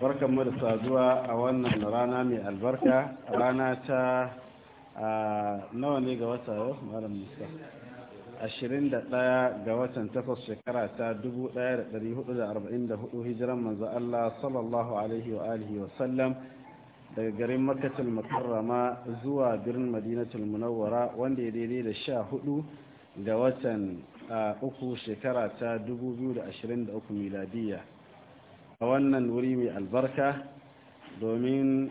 barkan mu da saduwa a wannan rana mai albarka rana ta nawa ne ga wata yau malam musa 21 ga watan takwas shekara ta 1444 hijiran manzo Allah sallallahu alaihi wa alihi wa sallam daga garin makkatul mukarrama zuwa birnin madinatul munawwara wanda ya daidai da 14 ga watan uku shekara ta 2023 miladiyya a wannan wuri mai albarka domin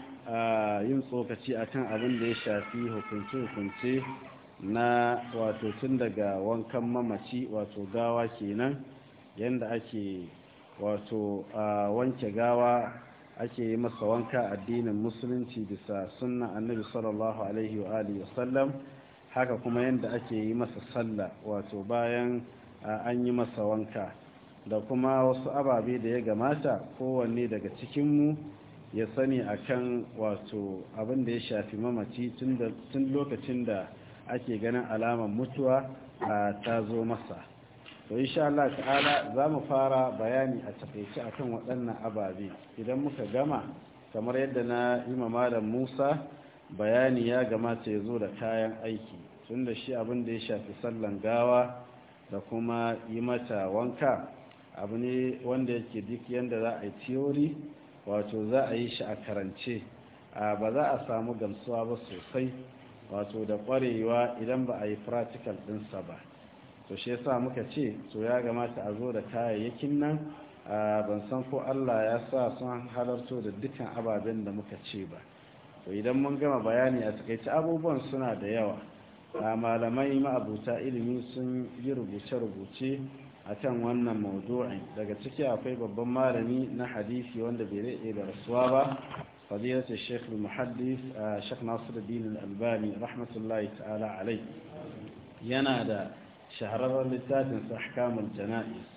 yin tsokaci a kan abin da ya shafi hukunce-hukunce na wato tun daga wankan mamaci wato gawa kenan yadda ake wato wanke gawa ake yi masa wanka addinin musulunci bisa sunna annabi sallallahu alaihi wa alihi wasallam haka kuma yadda ake yi masa sallah wato bayan an yi masa wanka da kuma wasu ababe da ya gamata kowanne daga cikinmu ya sani akan wato abin da ya shafi mamaci tun lokacin da ake ganin alamar mutuwa ta zo masa to insha Allah ta'ala za mu fara bayani a takaice akan waɗannan ababe idan muka gama kamar yadda na yi malam Musa bayani ya gamata ya zo da kayan aiki tun da shi abin da ya shafi sallan gawa da kuma yi mata wanka abu ne wanda yake duk yadda za a yi tiyori wato za a yi shi a karance ba za a samu gamsuwa ba sosai wato da kwarewa idan ba a yi practical dinsa ba to shi yasa muka ce to ya gamata a zo da kayayyakin nan A ban san ko Allah ya sa sun halarto da dukkan ababen da muka ce ba to idan mun gama bayani a takaice abubuwan suna da yawa A malamai ma'abuta ilimi sun yi rubuce-rubuce akan wannan mawdu'in daga ciki akwai babban malami na hadisi wanda bai rike da rasuwa ba fadilat al-sheikh al-muhaddis sheikh Nasiruddin al-Albani rahmatullahi ta'ala alayhi yana da shahararren littafin sahkamul jana'is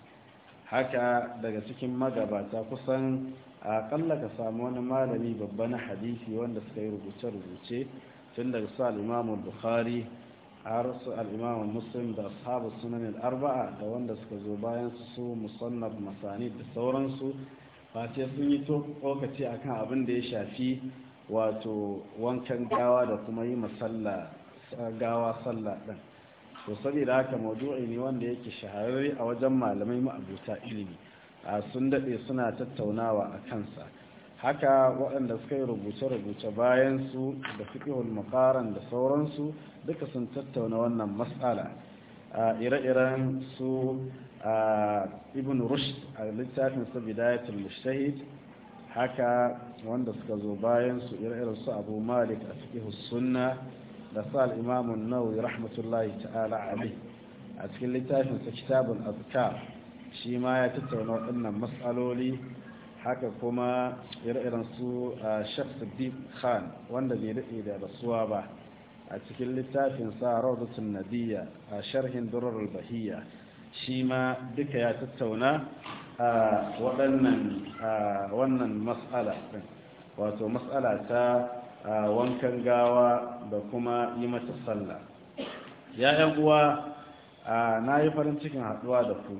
haka daga cikin magabata kusan a kalla ka samu wani malami babba na hadisi wanda suka yi rubuce-rubuce tun daga sa al-Imam al-Bukhari har su muslim da ashabu sunanin arba'a da wanda suka zo bayan su musannaf masani da sauransu ba ce sun yi tsokaci akan abin da ya shafi wato wankan gawa da kuma yi masalla gawa sallah ɗin to saboda haka maudu'i ne wanda yake shahararre a wajen malamai ma'abuta ilimi a sun daɗe suna tattaunawa a kansa haka waɗanda suka yi rubuce-rubuce bayan su da fiƙihul makaran da sauransu duka sun tattauna wannan matsala ire-iren su ibn rushd a littafin su bidayatul mushtahid haka wanda suka zo bayansu ire-iren su abu malik a fiƙihul sunna da sa al'imamun nau'i rahmatullahi ta'ala ali a cikin littafin sa kitabun azkar shi ma ya tattauna waɗannan matsaloli haka kuma ire-iren su shek siddiq khan wanda bai daɗe da rasuwa ba a cikin littafin sa rawdatun nadiya a sharhin durar Bahiya, shi ma duka ya tattauna a waɗannan wannan matsala wato matsala ta wankan gawa da kuma yi mata sallah ya uwa na yi farin cikin haɗuwa da ku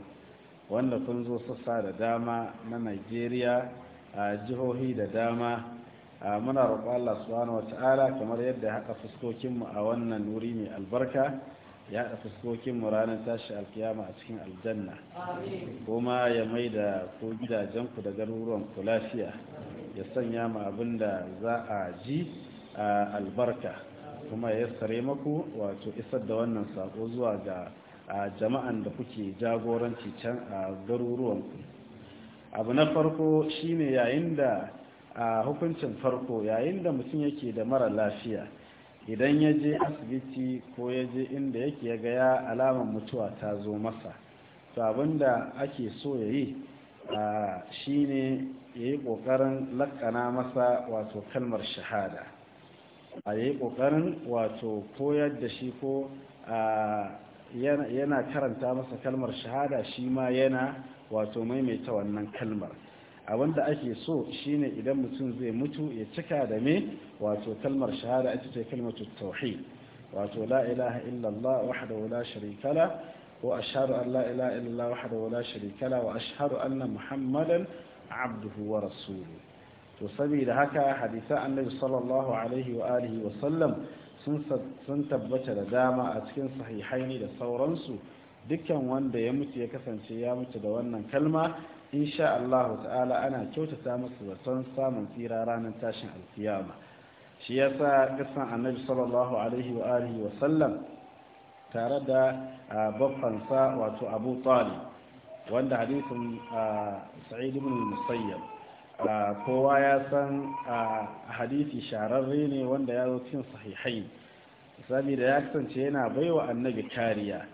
wanda sun zo sassa da dama na Najeriya a jihohi da dama muna roƙo Allah subhanahu ta'ala kamar yadda haɗa fuskokinmu a wannan wuri mai albarka ya haɗa fuskokinmu ranar tashi alkiyama a cikin aljanna kuma ya mai da ku gidajenku da garuruwan kulafiya ya sanya mu abin da za a ji a albarka kuma ya sare maku wato isar da wannan sako zuwa ga a jama'an da kuke jagoranci can a garuruwanku abu na farko shine yayin da hukuncin farko yayin da mutum yake da mara lafiya idan ya je asibiti ko ya je inda yake ya ga ya alamar mutuwa ta zo masa to da ake so ya yi shine ya yi ƙoƙarin lakƙana masa wato kalmar shahada a yi ƙoƙarin wato koyar da shi ko a yana karanta masa kalmar shahada shi ma yana wato maimaita wannan kalmar abinda ake so shine idan mutum zai mutu ya cika da me wato kalmar shahada ita ce kalmatu tauhid wato la ilaha illallah wahdahu la sharika la wa ashhadu an la ilaha illallah wahdahu la sharika la wa ashhadu anna muhammadan abduhu wa rasuluhu to saboda haka hadisa annabi sallallahu alaihi wa alihi wa sallam sun tabbata da dama a cikin sahihaini da sauransu dukkan wanda ya mutu ya kasance ya mutu da wannan kalma insha Allah ta'ala ana kyautata musu son samun tsira ranar tashin alkiyama shi ya sa kasan annabi sallallahu alaihi wa alihi wa sallam tare da babbansa wato Abu Talib wanda hadisin Sa'id ibn Musayyab kowa ya san a hadisi shararre ne wanda ya zo cikin sahihai saboda ya kasance yana baiwa annabi kariya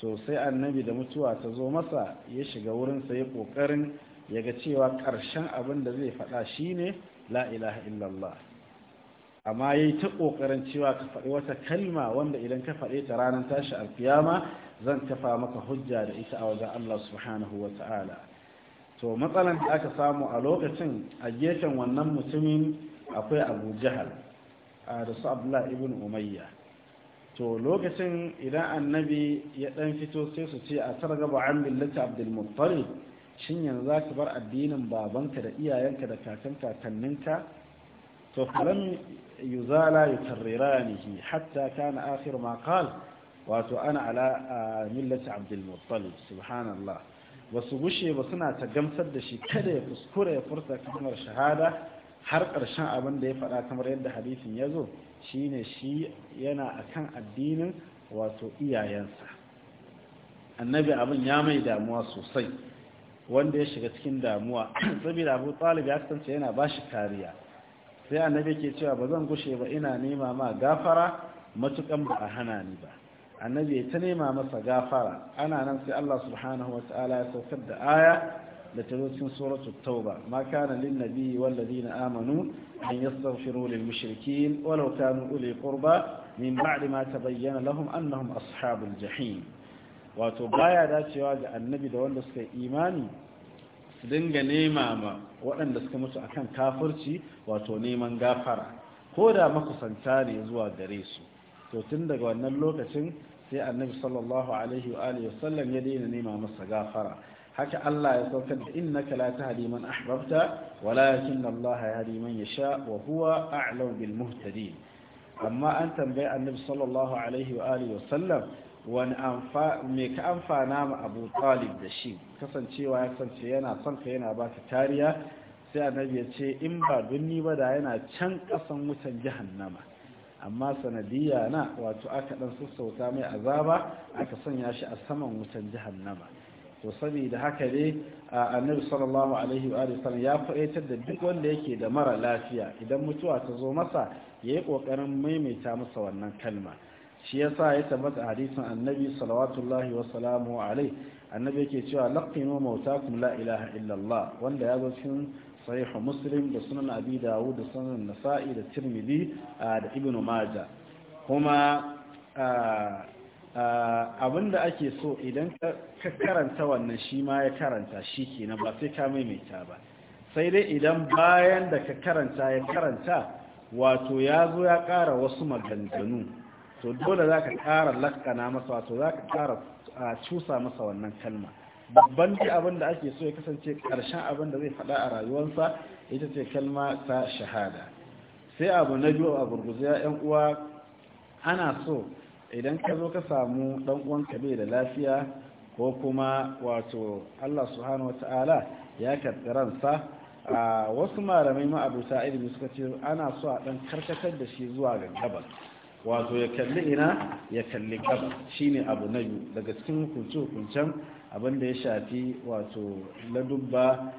to sai annabi da mutuwa ta zo masa ya shiga wurinsa ya kokarin ya ga cewa karshen abin da zai faɗa shine la ilaha illallah amma ya yi ta ƙoƙarin cewa ka faɗi wata kalma wanda idan ka faɗe ta ranar tashi alfiyama zan kafa maka hujja da ita a wajen Allah subhanahu wa ta'ala to matsalan da aka samu a lokacin a gefen wannan mutumin akwai abu a da su abdullahi ibn umayya to lokacin idan annabi ya dan fito sai su ce a targaba an billata abdulmuttalib shin yanzu za ka bar addinin babanka da iyayenka da kakan kakanninka to falam yuzala yukarriranihi hatta kana akhir ma qal wato ana ala millati abdulmuttalib subhanallah ba su gushe ba suna ta gamsar da shi kada ya kuskura ya furta kamar shahada har ƙarshen abin da ya faɗa kamar yadda hadisin ya zo shine shi yana akan addinin wato iyayensa annabi abin ya mai damuwa sosai wanda ya shiga cikin damuwa saboda abu talib ya kasance yana ba shi kariya sai annabi ke cewa ba zan gushe ba ina nema ma gafara matukan ba a hana ni ba annabi ya ta nema masa gafara ana nan sai Allah subhanahu wa ta'ala ya saukar da aya da ta cikin suratul tauba ma kana lin nabiyyi wal ladina amanu an yastaghfiru lil mushrikeen walau kanu uli qurba min ba'di ma tabayyana lahum annahum ashabul jahim wato baya dacewa ga annabi da wanda suka imani su dinga nema ma waɗanda suka mutu akan kafirci wato neman gafara ko da makusanta ne zuwa gare su to tun daga wannan lokacin sai annabi sallallahu alaihi wa alihi ya daina nema masa gafara haka Allah ya saukar da innaka la tahdi man ahbabta walakin Allah yahdi man yasha wa huwa a'lamu bil muhtadin amma an tambayi annabi sallallahu alaihi wa alihi wasallam wani amfa me ka amfana ma Abu Talib da shi kasancewa ya kasance yana son ka yana ka tariya sai annabi ya ce in ba dunni ba da yana can kasan wutan jahannama amma sanadiyya na wato aka dan sassauta mai azaba aka sanya shi a saman wutan jahannama to saboda haka ne annabi sallallahu alaihi wa sallam ya faɗaitar da duk wanda yake da mara lafiya idan mutuwa ta zo masa ya yi ƙoƙarin maimaita masa wannan kalma shi yasa ya tabbata hadisin annabi salawatullahi wa salamu alaihi annabi yake cewa laqinu mautakum la ilaha illallah wanda ya zo cikin صحيح مسلم da sunan abi dawud ده سنن النسائي ده الترمذي ده ابن ماجه هما abin ake so idan ka karanta wannan shi ma ya karanta shi kenan ba sai ka maimaita ba sai dai idan bayan da ka karanta ya karanta wato ya zo ya kara wasu maganganu to dole za ka ƙara lakana masa wato za ka kara cusa masa wannan kalma babban dai abin da ake so ya kasance karshen abin da zai faɗa a rayuwarsa ita ce kalma ta shahada sai abu na biyu a gurguzu ya yan uwa ana so idan ka zo ka samu dan ka bai da lafiya ko kuma wato Allah subhanahu wata'ala ya karɓi sa, a wasu malamai ma'abuta ilimi suka ce ana so a ɗan karkatar da shi zuwa ga gabas wato ya kalli ina ya kalli gabas shine abu na biyu daga cikin hukunce-hukuncen abinda ya shafi wato ladubba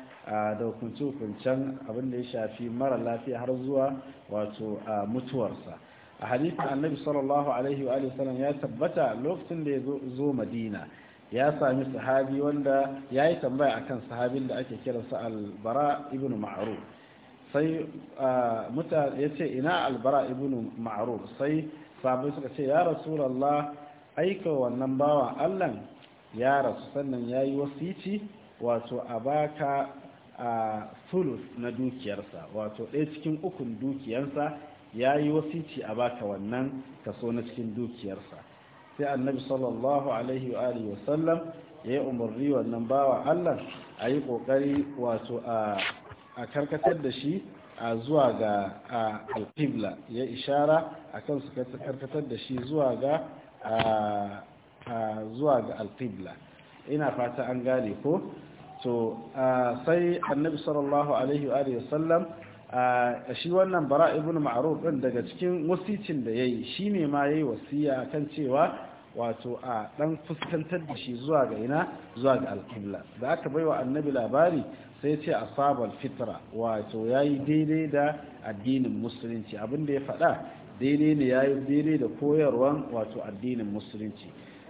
da hukunce-hukuncen abinda ya shafi mara lafiya har zuwa wato a mutuwarsa a hadisin annabi sallallahu alaihi wa sallam ya tabbata lokacin da ya zo madina ya sami sahabi wanda ya yi tambaya akan sahabin da ake kiransa albara ibn ma'ruf sai ya ce ina albara ibn ma'ruf sai sahabi suka ce ya rasulallah aika wannan bawan allah ya rasu sannan ya yi wasici wato a baka a sulus na dukiyarsa wato ɗaya cikin ukun dukiyarsa ya yi wasici a baka wannan kaso na cikin dukiyarsa sai annabi sallallahu alaihi wa alihi sallam ya yi umarni wannan bawa allah a yi ƙoƙari wato a karkatar da shi a zuwa ga alƙibla ya ishara a kan su karkatar da shi zuwa ga zuwa ga alqibla ina fata an gane ko to sai annabi sallallahu alaihi wa alihi sallam shi wannan bara ibn ma'ruf din daga cikin wasicin da yayi shine ma yayi wasiya kan cewa wato a dan fuskantar da shi zuwa ga ina zuwa ga alqibla da aka baiwa annabi labari sai ce asabal fitra wato yayi daidai da addinin musulunci abin da ya faɗa daidai ne yayi daidai da koyarwan wato addinin musulunci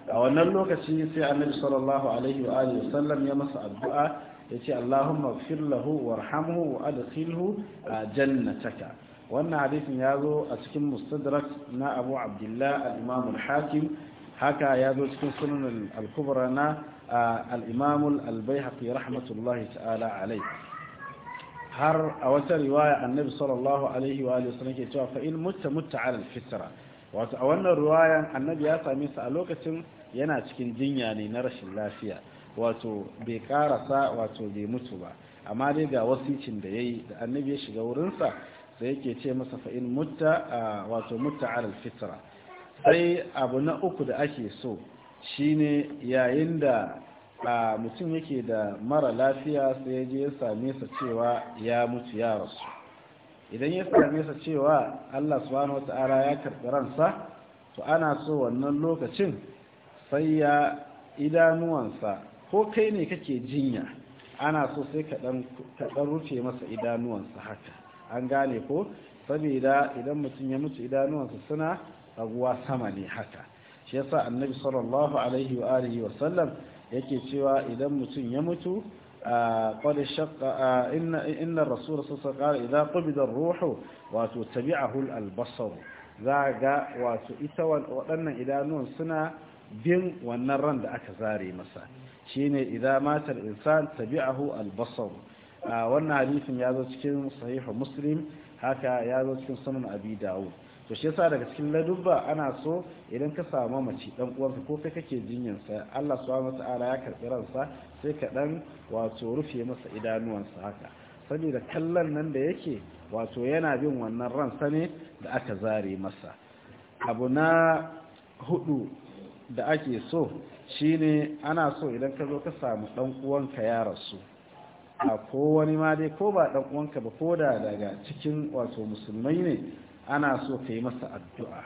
a wannan lokaci sai annabi sallallahu alaihi wa alihi ya masa addu'a ya ce Allahumma ighfir lahu warhamhu wa adkhilhu jannataka wannan hadisin ya zo a cikin mustadrak na Abu Abdullah al-Imam al-Hakim haka ya zo cikin sunan al-kubra na al-Imam al-Baihaqi rahmatullahi ta'ala har a wata riwaya annabi sallallahu alaihi wa alihi ke cewa fa in mutta mutta ala alfitra wato a wannan ruwayan annabi ya same su a lokacin yana cikin jinya ne na rashin lafiya wato bai karasa wato bai mutu ba amma dai ga wasicin da yayi da annabi ya shiga wurinsa sai yake ce masa fa in mutta wato mutta alal fitra sai abu na uku da ake so shine yayin da mutum yake da mara lafiya sai ya je ya same sa cewa ya mutu ya rasu idan ya same sa cewa Allah subhanahu wata'ala ya karɓi ransa to ana so wannan lokacin sai ya idanuwansa ko kai ne kake jinya ana so sai ka dan rufe masa idanuwansa haka an gane ko saboda idan mutum ya mutu idanuwansa suna raguwa sama ne haka shi yasa annabi sallallahu alaihi wa alihi wa sallam yake cewa idan mutum ya mutu قد شق إن, إن الرسول صلى الله عليه وسلم قال إذا قبض الروح وتتبعه البصر za ga wato ita waɗannan idanuwan suna bin wannan ran da aka zare masa shine idan matar insan tabi'ahu albasar wannan hadisin ya zo cikin sahihu muslim haka ya zo cikin sunan abi dawud to shi yasa daga cikin ladubba ana so idan ka samu mace dan uwanka ko kake jinyan sa Allah subhanahu ya karɓi ransa sai kaɗan, wato rufe masa idanuwansa haka saboda kallon nan da yake wato yana bin wannan ransa ne da aka zare masa abu na hudu da ake so shine ana so idan ka zo ka samu ɗan'uwanka uwanka ya rasu a ko wani ma dai ko ba ɗan'uwanka uwanka ba ko da daga cikin wato musulmai ne ana so ka yi masa addu'a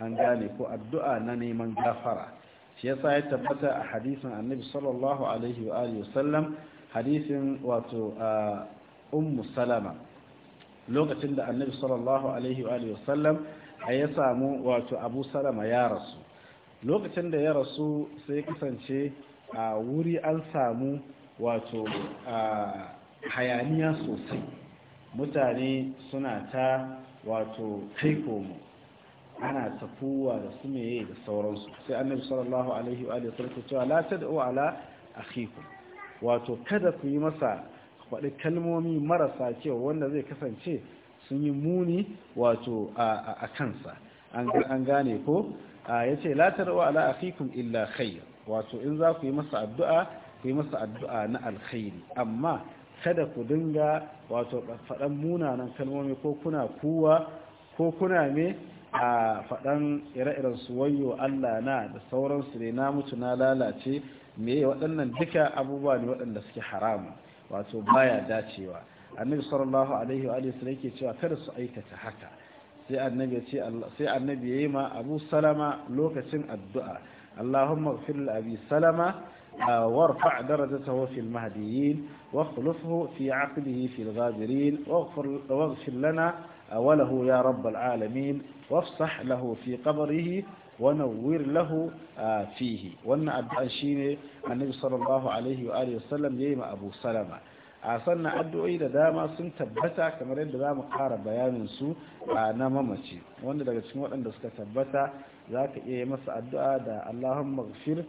an gane ko addu'a na neman gafara shi yasa ya tabbata a hadisin annabi sallallahu alaihi wa alihi wasallam hadisin wato ummu salama lokacin da annabi sallallahu alaihi wa alihi wasallam ya samu wato abu salama ya rasu lokacin da ya rasu sai kasance a wuri an samu wato hayaniya sosai mutane suna ta wato kai komo ana safuwa da su meye da sauransu sai annabi sallallahu alaihi wa alihi sallallahu cewa la tad'u ala akhikum wato kada ku yi masa faɗi kalmomi marasa kyau wanda zai kasance sun yi muni wato a kansa an gane ko ya ce la tad'u ala akhikum illa khair wato in za ku yi masa addu'a ku yi masa addu'a na alkhairi amma kada ku dinga wato faɗan munanan kalmomi ko kuna kuwa ko kuna me a faɗan ire-iren suwayo Allah na da sauransu ne na mutu na lalace me waɗannan duka abubuwa ne waɗanda suke haramu wato baya dacewa annabi sallallahu alaihi wa alihi sai yake cewa kada su aikata haka sai annabi ya ce sai annabi yayi ma Abu Salama lokacin addu'a Allahumma ighfir li Abi Salama وارفع درجته في المهديين واخلفه في عقله في الغابرين واغفر, واغفر lana. وله يا رب العالمين وافصح له في قبره ونور له فيه وأن أدعى شيني النبي صلى الله عليه وآله وسلم يما أبو سلمة a sannan addu'o'i da dama sun tabbata kamar yadda za mu ƙara bayaninsu a na mamaci wanda daga cikin waɗanda suka tabbata zaka iya yi masa addu'a da allahun magfir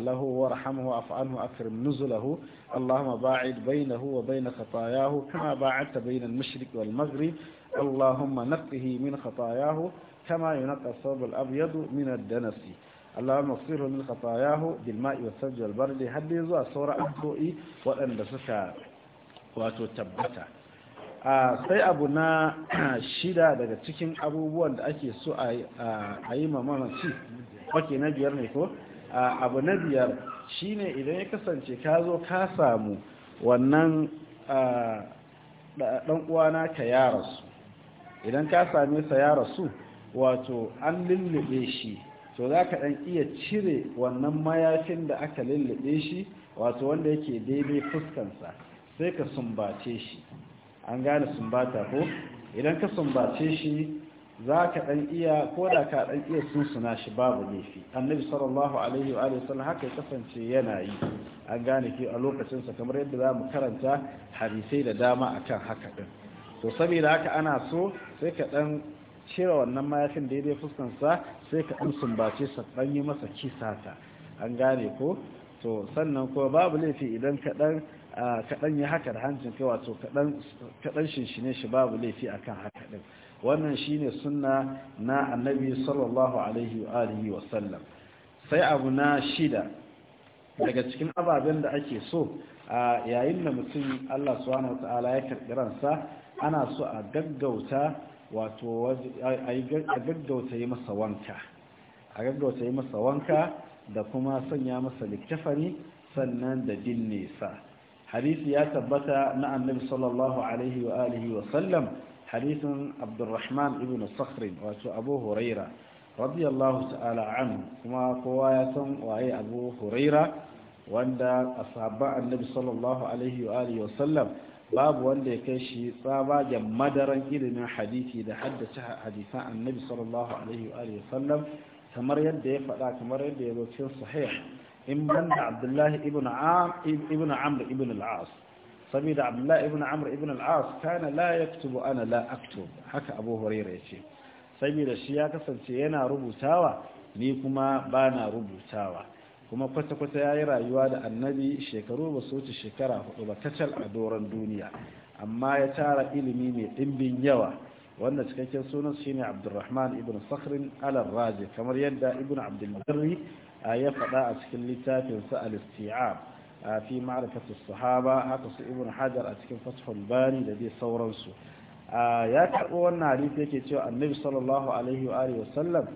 له وارحمه واعف عنه أكرم نزله اللهم باعد بينه وبين خطاياه كما باعدت بين المشرق والمغرب اللهم نقه من خطاياه كما ينقى الثوب الأبيض من الدنس اللهم اغفره من خطاياه بالماء والثلج والبرد هل يزوى صورة أبوئي وأن دسك وتتبت sai abu na shida daga cikin abubuwan da ake so a yi mamaci wake na biyar ne ko abu na biyar shine idan ya kasance ka zo ka samu wannan dan uwana ka ya rasu idan ka same sa ya rasu wato an lullube shi to za ka dan iya cire wannan mayafin da aka lullube shi wato wanda yake daidai fuskansa sai ka sumbace shi an gane sumbata ko idan ka sumbace shi za ka ɗan iya ko da ka ɗan iya sunsuna shi babu laifi annabi sallallahu alaihi wa sallam haka ya kasance yana yi an gane ke a lokacin sa kamar yadda za mu karanta hadisai da dama akan haka din to saboda haka ana so sai ka ɗan cire wannan mayafin daidai fuskansa sai ka ɗan sumbace sa ɗan yi masa kisata an gane ko to sannan kuma babu laifi idan ka ɗan ah, kaɗan yi haka da hancin kai wato ka dan shinshine shi babu laifi akan haka din. wannan shine sunna na annabi sallallahu alaihi wa alihi wa sallam sai abu na shida daga cikin ababen da ake so a yayin da mutum Allah subhanahu wataala ya karɓi ransa ana so a gaggauta wato a gaggauta yi masa wanka a gaggauta yi masa wanka da kuma sanya masa littafani sannan da bin nesa hadisi ya tabbata na annabi sallallahu alaihi wa alihi wa sallam hadisin abdurrahman ibn sakrin wato abu huraira radiyallahu ta'ala anhu kuma kowa ya san waye abu huraira wanda ashabban annabi sallallahu alaihi babu wanda ya kai shi tsabajan madaran ilimin hadisi da haddace hadisan annabi sallallahu alaihi wa alihi wasallam kamar yadda ya faɗa kamar yadda ya zo cikin sahih in banda abdullahi ibn amr ibn al saboda abdullahi ibn amr ibn al-as kana la yaktubu ana la aktub haka abu hurairah yace saboda shi ya kasance yana rubutawa ni kuma bana rubutawa kuma kwata-kwata ya yi rayuwa da annabi shekaru ba su wuce shekara hudu ba kacal a doron duniya amma ya tara ilimi mai ɗimbin yawa wanda cikakken sunan shine abdurrahman ibn sakhrin al-raji kamar yadda ibn abdulbarri ah, ya faɗa a cikin littafinsa al-isti'ab fi ma'arifatu sahaba haka su ibn hajar a cikin fathul bari da dai sauransu ya karɓo wannan hadisi yake cewa annabi sallallahu alaihi wa alihi wasallam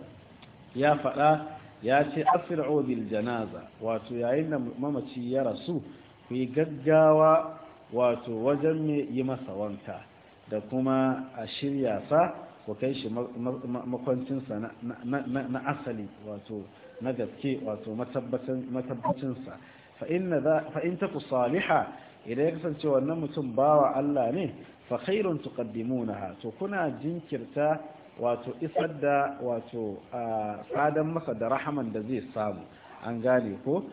ya faɗa ya ce asri'u bil janaza wato yayin da mamaci ya rasu ku yi gaggawa wato wajen me yi masa wanka da kuma a shirya sa ku kai shi makwancinsa na asali wato na gaske wato matabbacinsa fa'in ta ku saliha idan ya kasance wannan mutum bawa Allah ne fa khairun tuqaddimunaha to kuna jinkirta isar da wato sadan masa da rahaman da zai samu an gane ko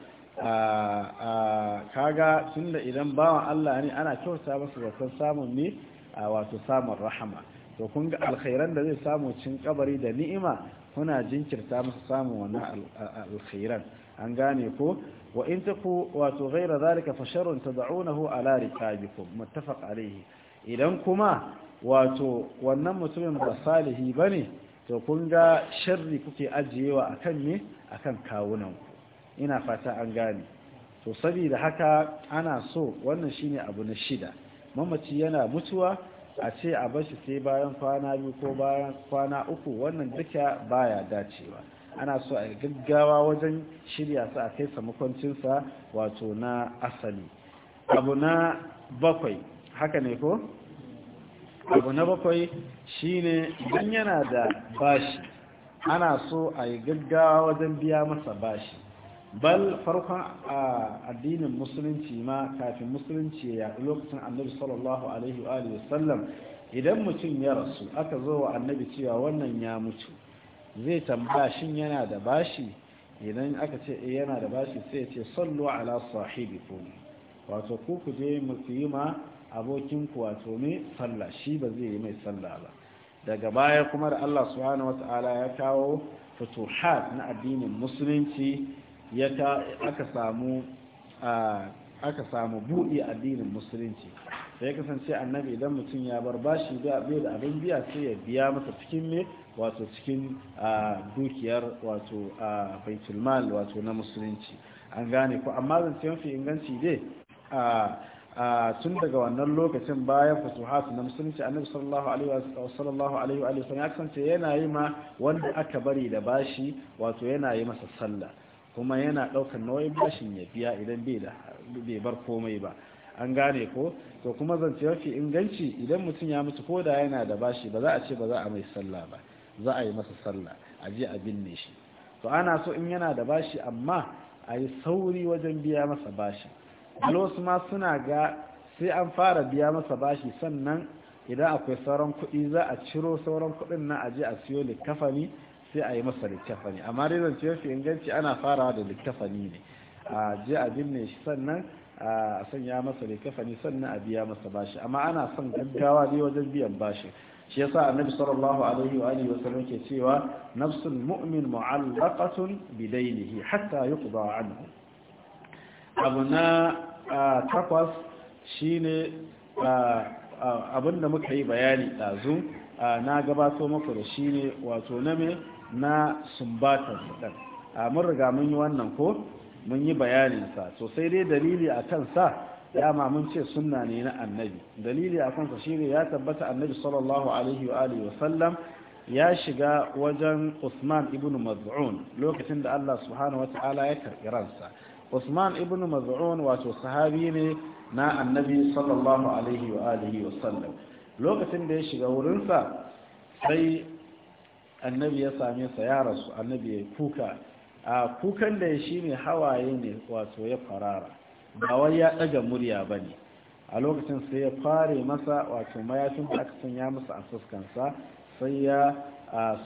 kaga tunda idan bawan Allah ne ana kyauta masa zaton samun ne wato samun rahama to kun ga alkhairan da zai samu cin kabari da ni'ima kuna jinkirta masa samun wannan an gane ko wa in taku wato ghaira zalika fa sharrun tad'unahu ala rikabikum muttafaq alayhi idan kuma wato wannan mutumin ba salihi bane to kun ga sharri kuke ajiyewa akan ne akan kawunan ku ina fata an gane to saboda haka ana so wannan shine abu na shida mamaci yana mutuwa a ce a bashi sai bayan kwana biyu ko bayan kwana uku wannan duka baya dacewa ana so a gaggawa wajen shirya su a kai samakoncinsa, wato na asali abu na bakwai haka ne ko? abu na bakwai shine idan yana da bashi ana so a yi gaggawa wajen biya masa bashi bal farkon a addinin musulunci ma kafin musulunci ya yaɗu lokacin annabi sallallahu alaihi wa sallam idan mutum ya rasu aka zo wa annabi cewa wannan ya mutu zai tambaya shin yana da bashi idan aka ce eh, yana da bashi sai ce sallu ala sahibikum wato ku ku je musulma abokin ku wato ne sallah shi ba zai yi mai sallah ba daga baya kuma da Allah subhanahu wataala ya kawo futuhat na addinin musulunci ya ta aka samu aka samu addinin musulunci sai kasance annabi idan mutum ya bar bashi da abin biya sai ya biya masa cikin me wato cikin dukiyar wato baitulmal wato na musulunci an gane ko amma zance mafi inganci dai tun daga wannan lokacin bayan fusuhatu na musulunci annabi sallallahu alaihi wa sallallahu alaihi wa sallam ya kasance yana yi ma wanda aka bari da bashi wato yana yi masa sallah kuma yana daukar nauyin bashin ya biya idan bai bai bar komai ba an gane ko to kuma zance mafi inganci idan mutum ya mutu ko da yana da bashi ba za a ce ba za a mai sallah ba za a yi masa sallah a je a binne shi to ana so in yana da bashi amma a yi sauri wajen biya masa bashi wasu ma suna ga sai an fara biya masa bashi sannan idan akwai sauran kuɗi za a ciro sauran kuɗin na aje a siyo littafani sai a yi masa littafani amma dai zance mafi inganci ana farawa da littafani ne a je a binne shi sannan a sanya masa littafani sannan a biya masa bashi amma ana son gaggawa ne wajen biyan bashi shi yasa annabi sallallahu alaihi wa alihi wasallam ke cewa nafsul mu'min mu'allaqatun bidainihi hatta yuqda anhu abuna takwas shine abinda muka yi bayani dazu na gabato muku da shine wato na me na sumbatar dan mun riga mun yi wannan ko mun yi bayanin sa to sai dai dalili akan sa Ya mun ce sunna ne na annabi dalili a kansa shi ne ya tabbata annabi sallallahu alaihi wa alihi wa sallam ya shiga wajen Usman ibn Maz'un lokacin da Allah subhanahu wata'ala ya karkira sa Usman ibn Maz'un wato sahabi ne na annabi sallallahu alaihi wa alihi wa sallam lokacin da ya shiga wurin sa sai annabi ya same sa ya rasu annabi ya kuka kukan da ya ne hawaye ne wato ya farara ba wai ya ɗaga murya ba ne a lokacin sai ya fare masa wato mayafin da aka sanya masa a fuskansa sai ya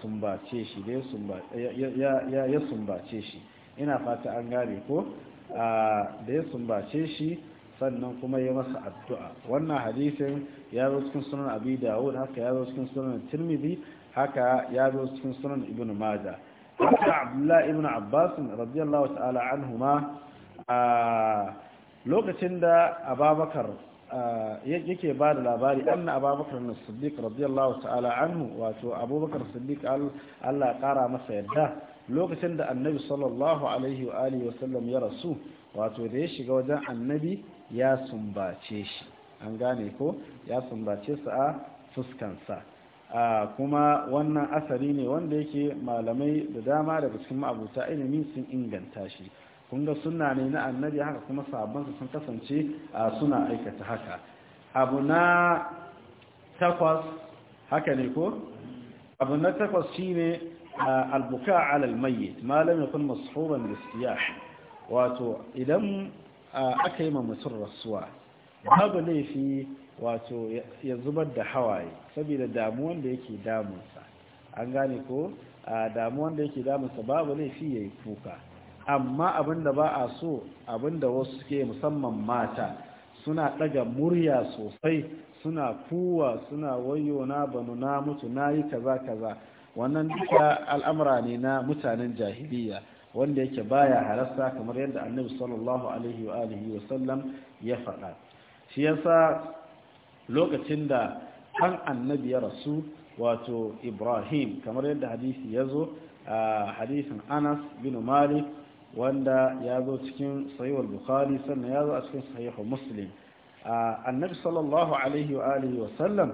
sumbace shi ya sumbace shi ina fata an gane ko da ya sumbace shi sannan kuma ya masa addu'a wannan hadisin ya zo cikin sunan abi dawud haka ya zo cikin sunan tirmidhi haka ya zo cikin sunan ibn majah haka abdullahi ibn abbas radiyallahu ta'ala anhuma lokacin da ababakar yake ba da labari anna ababakar na siddiq radiyallahu ta'ala anhu wato abubakar siddiq allah kara masa yadda lokacin da annabi sallallahu alaihi wa alihi wasallam ya rasu wato da ya shiga wajen annabi ya sumbace shi an gane ko ya sumbace su a fuskansa kuma wannan asari ne wanda yake malamai da dama daga cikin ma'abuta ilimi sun inganta shi kun ga sunna ne na annabi haka kuma sabon sun kasance suna aikata haka abu na takwas haka ne ko abu na takwas shine albuka ala almayyit ma kun yakun mashuran wato idan aka yi ma mutum rasuwa babu laifi wato ya zubar da hawaye saboda damuwan da yake damunsa an gane ko damuwan da yake damunsa babu laifi ya yi kuka amma abinda ba a so abinda wasu ke musamman mata suna ɗaga murya sosai suna kuwa suna wayo na banu na mutu na yi kaza kaza wannan duka al'amura ne na mutanen jahiliya wanda yake baya halasta kamar yadda annabi sallallahu alaihi wa alihi wa sallam ya faɗa shi yasa lokacin da kan annabi ya rasu wato ibrahim kamar yadda hadisi ya zo a hadisin anas bin malik wanda ya zo cikin sayuwar bukhari sannan ya zo a cikin sahihul muslim annabi sallallahu alaihi wa alihi wa sallam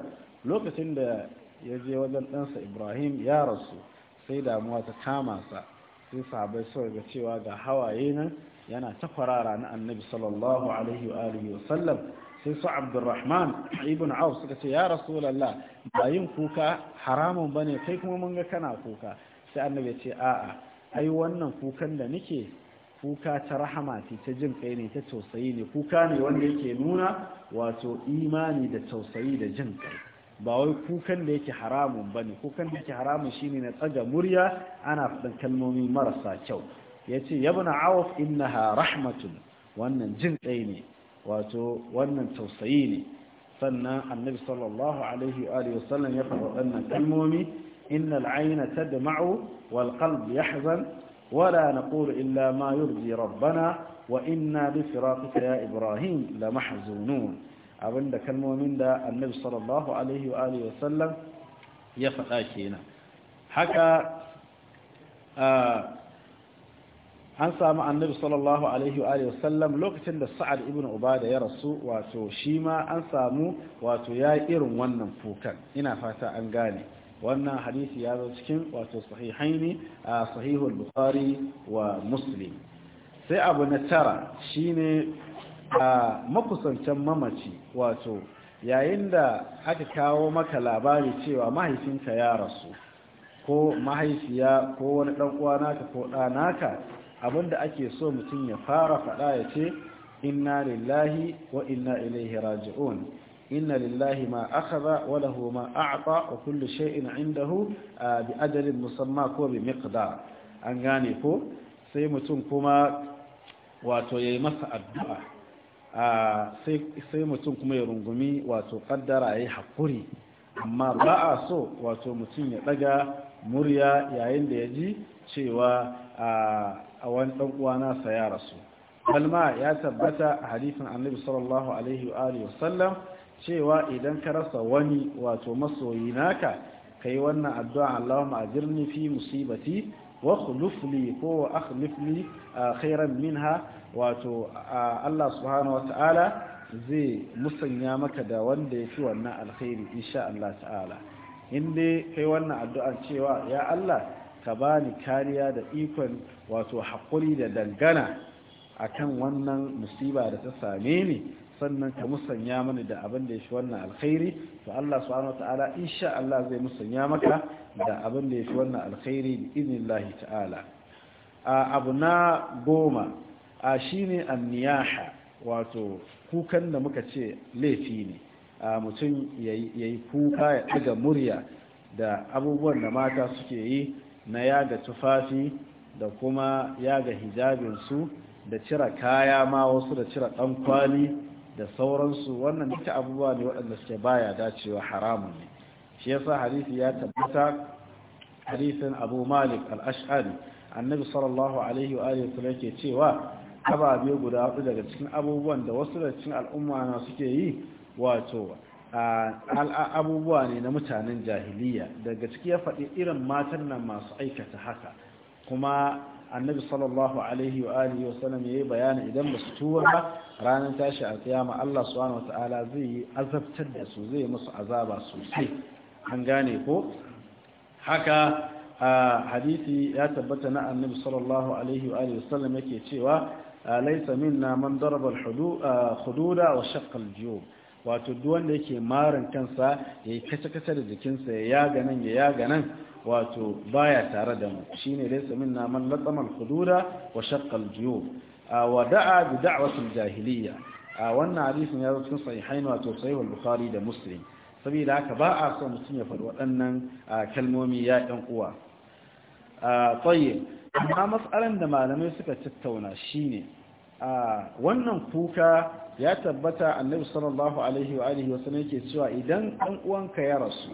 lokacin da ya je wajen ɗansa ibrahim ya rasu sai damuwa ta kama sa sai sahabai suka ga cewa ga hawaye nan yana ta kwarara na annabi sallallahu alaihi wa alihi wa sallam sai su abdurrahman ibn aw suka ce ya rasulullah ba yin kuka haramun bane kai kuma mun ga kana kuka sai annabi ya ce a'a ai wannan kukan da nake kuka ta rahama ce ta jin kai ne ta tausayi ne kuka ne wanda yake nuna wato imani da tausayi da jin kai ba wai kukan da yake haramun ba ne kukan da yake haramun ne na tsaga murya ana faɗin kalmomi marasa kyau ya ce yabna awaf innaha rahmatun wannan jin kai ne wato wannan tausayi ne sannan annabi sallallahu alaihi wa sallam ya faɗa waɗannan kalmomi إن العين تدمع والقلب يحزن ولا نقول إلا ما يرضي ربنا وإنا بفراقك يا إبراهيم لمحزونون أبن دك المؤمن دا النبي صلى الله عليه وآله وسلم يفقاشينا حكى آه، أنسى مع النبي صلى الله عليه وآله وسلم لوقت عند سعد ابن عبادة يا رسول واتو شيما أنسى مو واتو ياي إرم فوكا إنا فاتا أنقاني wannan hadisi ya zo cikin wato sahihaini a sahihul bukhari wa muslim sai abu na tara shine a makusantan mamaci wato yayin da aka kawo maka labari cewa mahaifinka ya rasu ko mahaifiya ko wani dan uwa naka ko ɗanaka naka abinda ake so mutum ya fara faɗa ya ce inna lillahi wa inna ilaihi raji'un inna lillahi ma akhadha wa lahu ma a'ta wa kullu shay'in 'indahu ah, bi ajalin musamma ko bi miqdar an gane ko sai mutum kuma wato yayi masa addu'a ah, sai mutum kuma ya rungumi wato kaddara yayi hakuri amma ba a so wato mutum ya daga murya yayin da ya ji cewa ah, a wani dan uwa sa ya rasu balma ya tabbata a hadisin annabi sallallahu alaihi wa alihi cewa idan ka rasa wani wato masoyi naka kai wannan addu'a Allahumma ajirni fi musibati wa khuluf li ko wa akhlif li khairan minha wato Allah subhanahu Ta'ala, zai musanya maka da wanda ya fi wannan alkhairi insha Allah ta'ala in dai kai wannan addu'an cewa ya Allah ka bani kariya da ikon wato haƙuri da dangana akan wannan musiba da ta same ni sannan ka musanya mani da abin da ya shi wannan alkhairi to Allah subhanahu wataala insha Allah zai musanya maka da abin da ya shi wannan alkhairi bi idnillahi ta'ala abu na goma a shine an-niyaha wato kukan da muka ce laifi ne A mutum yayi kuka ya daga murya da abubuwan da mata suke yi na yaga tufafi da kuma yaga su da cira kaya ma wasu da cira cire ɗankwali da sauransu wannan duka abubuwa ne waɗanda suke baya dacewa haramun ne shi yasa hadisi ya tabbata hadisin abu malik al-ash'ari annabi sallallahu alaihi wa alihi wasallam yake cewa ababe guda hudu daga cikin abubuwan da wasu daga cikin al'umma na suke yi wato abubuwa ne na mutanen jahiliya daga ciki ya faɗi irin matan nan masu aikata haka kuma annabi sallallahu alaihi wa alihi wa sallam yayi bayani idan ba su tuwa ranar tashi a kiyama Allah subhanahu wa ta'ala zai yi azabtar da su zai musu azaba sosai an gane ko haka hadisi ya tabbata na annabi sallallahu alaihi wa alihi wa sallam yake cewa laisa minna man daraba al-hududa wa shaqqa al jub wato duk wanda yake marin kansa yayi kace kace da jikinsa ya ga nan ya ga nan wato baya tare da mu shine laysa minna man latama al-hudura wa shaqqa al-juyub wa da'a bi da'wati al-jahiliyya wannan hadisin ya zo cikin sahihain wato sahih al-bukhari da muslim saboda haka ba a so mutum ya faɗi waɗannan kalmomi ya ɗan uwa tayyib amma matsalar da malamai suka tattauna shine wannan kuka ya tabbata annabi sallallahu alaihi wa alihi wasallam yake cewa idan ɗan uwanka ya rasu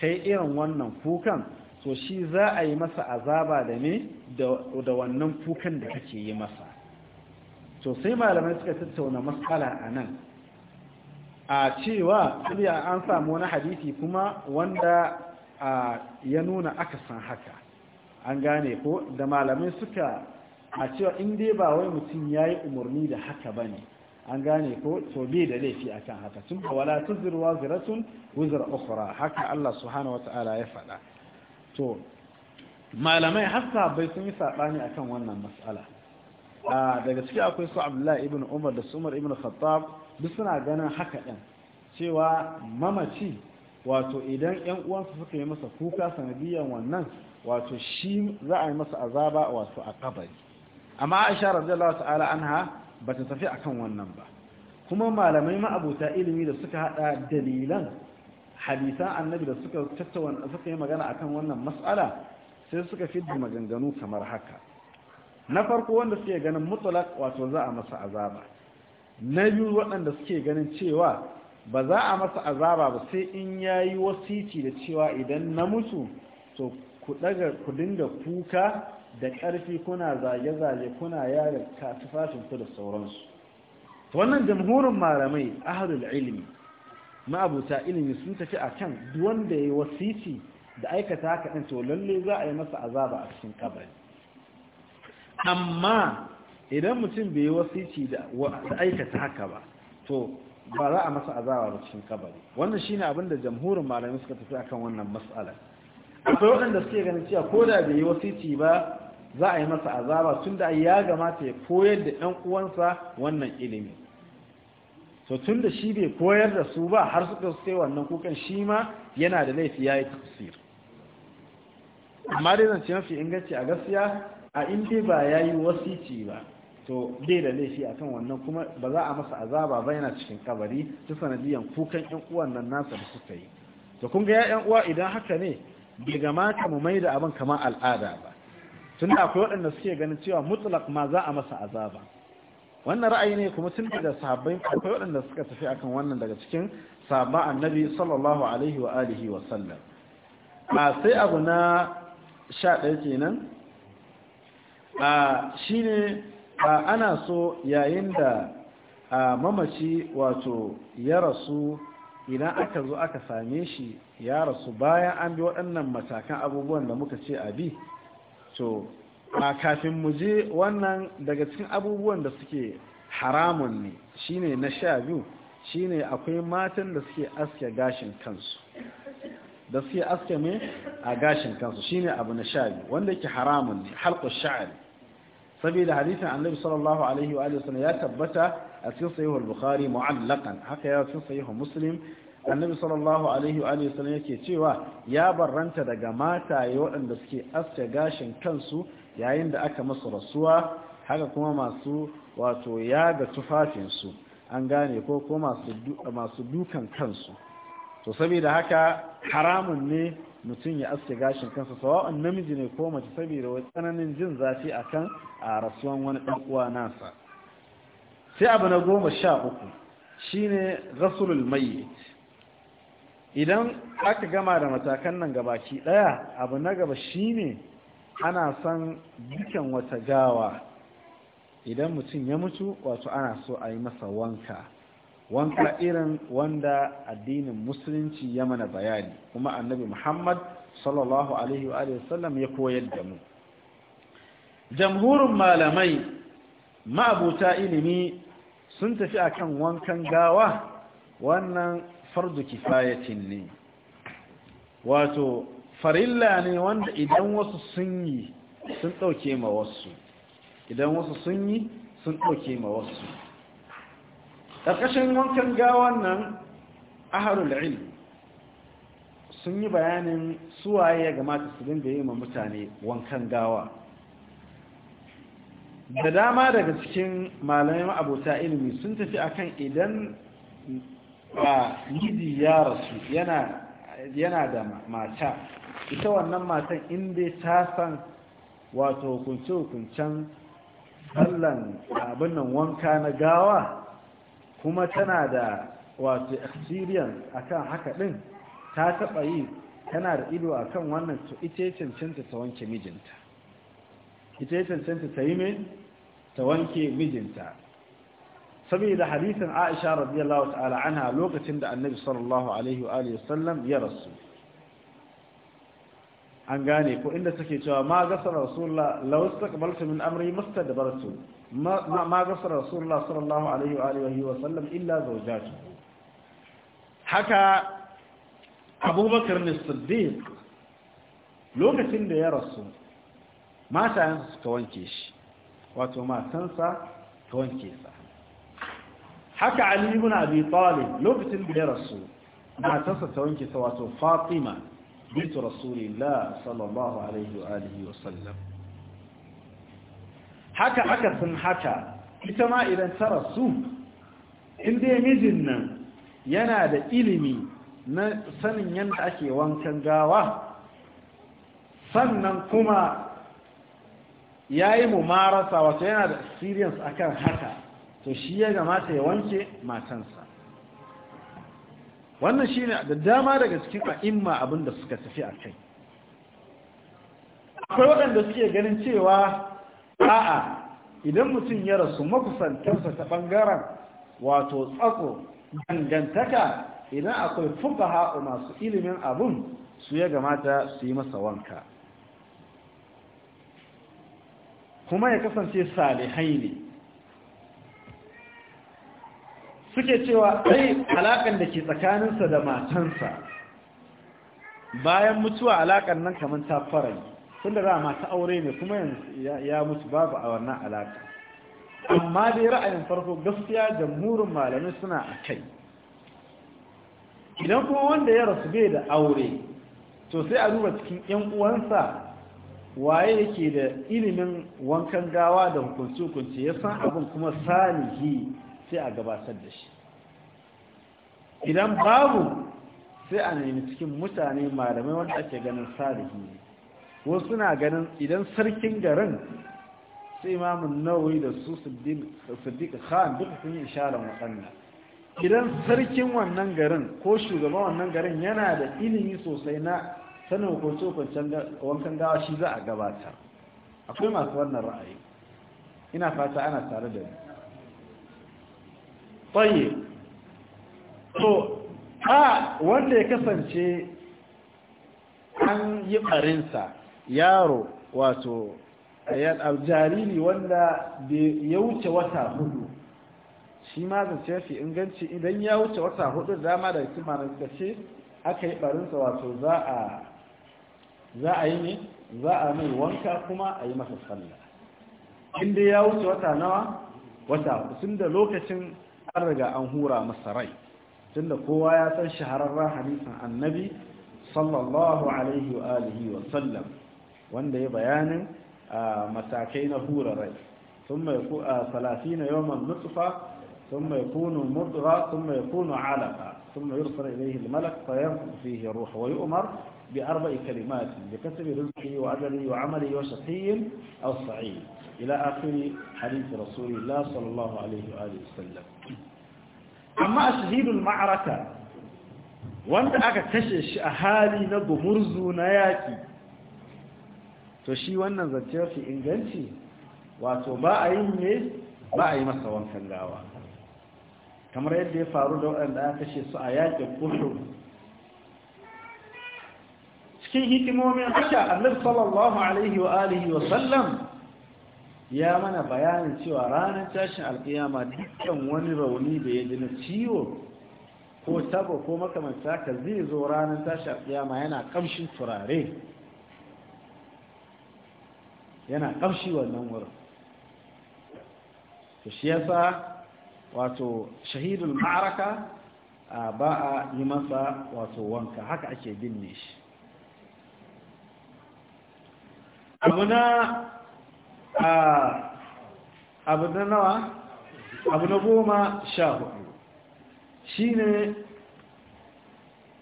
kai irin wannan kukan so shi za a yi masa azaba da ne da wannan kukan da kake yi masa to sai malamai suka tattauna matsala a nan a cewa tsiriya an samu wani hadisi kuma wanda ya nuna aka san haka an gane ko da malamai suka a cewa in dai ba wai mutum ya yi umarni da haka ba ne an gane ko to bai da laifi a kan haka sun wala tuzirwa ziratun wuzar ukura haka Allah subhanahu wa ta'ala ya faɗa to malamai hasa bai sun yi saɓani a kan wannan matsala daga ciki akwai su abdullahi ibn umar da Sumar ibn khattab duk suna ganin haka ɗin cewa mamaci wato idan ‘yan uwansa suka yi masa kuka sanadiyan wannan wato shi za a yi masa azaba wato a kabari amma aisha radiyallahu ta'ala anha bata tafi akan wannan ba kuma malamai ma ma'abuta ilimi da suka hada dalilan hadisan annabi da suka tattauna suka yi magana akan wannan mas'ala sai suka fidda maganganu kamar haka na farko wanda suke ganin mutlaq wato za a masa azaba na biyu waɗanda suke ganin cewa ba za a masa azaba ba sai in yayi wasici da cewa idan na mutu to ku daga ku dinga kuka da ƙarfi kuna zage-zage kuna yaya ku da sauransu wannan jamhurin malamai ahlul ilmi ma'abuta ilimi sun tafi a kan wanda ya yi wasici da aikata haka ɗin to lalle za a yi masa azaba a cikin kabari amma idan mutum bai yi wasisi da aikata haka ba to ba za a masa azaba a cikin kabari wannan shine abin da jamhurin malamai suka tafi a kan wannan matsalar. akwai waɗanda suke ganin cewa ko da bai yi wasisi ba za a yi masa azaba tun da ya gamata ya koyar da ɗan uwansa wannan ilimi to tun da shi bai koyar da su ba har suka sai wannan kukan shi ma yana da laifi ya yi tafsir amma dai zan mafi inganci a gaskiya a inda ba ya yi wasici ba to dai da laifi a kan wannan kuma ba za a masa azaba ba yana cikin kabari ta sanadiyan kukan yan uwan nan nasa da suka yi to kun ga yan uwa idan haka ne bai mata mu mai da abin kamar al'ada ba tunda akwai waɗanda suke ganin cewa mutlak ma za a masa azaba wannan ra'ayi ne kuma tun da sahabbai akwai waɗanda suka tafi akan wannan daga cikin sahabba annabi sallallahu alaihi wa alihi wa sallam a sai abu na sha ɗaya kenan a shi ne ana so yayin da mamaci wato ya rasu idan aka zo aka same shi ya rasu bayan an bi waɗannan matakan abubuwan da muka ce a bi? to a kafin mu je wannan daga cikin abubuwan da suke haramun ne shine na sha biyu shine akwai matan da suke aske gashin kansu da suke aske ne a gashin kansu shine abu na sha biyu wanda yake haramun ne halqu sha'ri saboda hadisin annabi sallallahu alaihi wa sallam ya tabbata a cikin sahih al-bukhari mu'allaqan haka ya cikin sahih muslim annabi sallallahu alaihi wa sallam yake cewa ya barranta daga mataye waɗanda suke aske gashin kansu yayin da aka masa rasuwa haka kuma masu wato ya yaga tufafinsu an gane ko ko masu dukan kansu to saboda haka haramun ne mutum ya aske gashin kansa sawa'un namiji ne ko mace saboda wani tsananin jin zafi a kan a rasuwan wani ɗan uwa nasa sai abu na goma sha uku shine rasulul idan aka gama da matakan nan gabaki ɗaya abu na gaba shine ana son dukan wata gawa idan mutum ya mutu wato ana so a yi masa wanka wanka irin wanda addinin musulunci ya mana bayani kuma annabi muhammad sallallahu alaihi wa sallam ya koyar da mu jamhurin malamai ma'abuta ilimi sun tafi akan wankan gawa wannan fardu kifayatin ne wato farilla ne wanda idan wasu sun yi sun ɗauke ma wasu idan wasu sun yi sun ɗauke ma wasu ƙarƙashin wankan gawan nan aharul ilm sun yi bayanin suwaye ya gamata su dinga yi ma mutane wankan gawa da dama daga cikin malamai abota ilimi sun tafi akan idan ba miji ya rasu yana da mata ita wannan matan in dai ta san wato hukunce-hukuncen sallan abin nan wanka na gawa kuma tana da wato experience akan haka din ta taba yi tana da ido akan wannan to ita cancanta ta wanke mijinta ita ya cancanta ta yi min ta wanke mijinta saboda hadisin Aisha radiyallahu ta'ala anha lokacin da Annabi sallallahu alaihi wa alihi wasallam ya rasu an gane ko inda suke cewa ma gasar rasulullah law istaqbaltu min amri mustadbartu ma gasar rasulullah sallallahu alaihi wa alihi wa sallam illa zawjatu haka abubakar ne siddiq lokacin da ya rasu matayensa suka wanke shi wato matansa ta wanke sa haka ali ibn abi talib lokacin da ya rasu sa ta wanke sa wato fatima bitu rasuli la sallallahu alaihi wa alihi wa sallam haka haka sun haka ita ma idan ta rasu in dai mijin nan yana da ilimi na sanin yanda ake wankan gawa sannan kuma yayi mumarasa wato yana da experience akan haka to shi ya gama ya wanke matansa wannan shi ne da dama daga cikin a'imma abin da suka tafi a kai akwai waɗanda suke ganin cewa a'a idan mutum ya rasu makusantarsa ta ɓangaren wato tsako dangantaka idan akwai fuka masu ilimin abin su ya gamata su yi masa wanka kuma ya kasance salihai ne suke cewa ai alakan da ke tsakaninsa da matansa bayan mutuwa alakan nan kamar ta fara ne tun da za a masu aure ne kuma ya mutu babu a wannan alaka amma dai ra'ayin farko gaskiya jamhurin malamai suna a kai idan kuma wanda ya rasu bai da aure to sai a duba cikin 'yan uwansa waye yake da ilimin wankan gawa da hukunci-hukunci ya san abin kuma salihi sai a gabatar da shi idan babu sai a nemi cikin mutane malamai wanda ake ganin salihi ne wasu suna ganin idan sarkin garin sai imamun nawawi da su siddiq khan duka sun yi isharar idan sarkin wannan garin ko shugaban wannan garin yana da ilimi sosai na sanin hukunci hukuncen wankan gawa shi za a gabatar akwai masu wannan ra'ayi ina fata ana tare da ni tsaye to a wanda ya kasance an yi ɓarinsa yaro wato aljariri wanda ya wuce wata hudu shi ma zance fi inganci idan ya wuce wata hudu dama da su manar ce aka yi ɓarinsa wato za a za a yi ne za a mai wanka kuma a yi masa tsalla inda ya wuce wata nawa wata sun da lokacin an riga an hura masa rai tunda kowa ya san shahararren hadisin annabi sallallahu alaihi wa alihi wa sallam wanda ya bayanin matakai na hura rai ثم يكون ثلاثين يوما نطفة ثم يكون مضغة ثم يكون علقة ثم يرسل إليه الملك فينفخ فيه الروح ويؤمر بأربع كلمات بكسب رزقه وأجله وعمله وشقي أو سعيد إلى آخر حديث رسول الله صلى الله عليه وآله وسلم amma a shahidul ma'araka wanda aka kashe shi a hali na gumurzu na yaƙi to shi wannan zance fi inganci wato ba a yi ne ba a yi masa wankan gawa kamar yadda ya faru da waɗanda aka kashe su a yaƙin kudu cikin hikimomin aka annabi sallallahu alaihi wa alihi wa sallam ya mana bayanin cewa ranar tashin alkiyama dukkan wani rauni da ya ji na ciwo ko tabo ko makamanta ka zai zo ranar tashin alkiyama yana kamshin turare yana kamshi wannan wurin to shi yasa wato shahidul ma'araka ba a yi masa wato wanka haka ake binne shi abu na a abu na nawa abu na goma sha hudu shi ne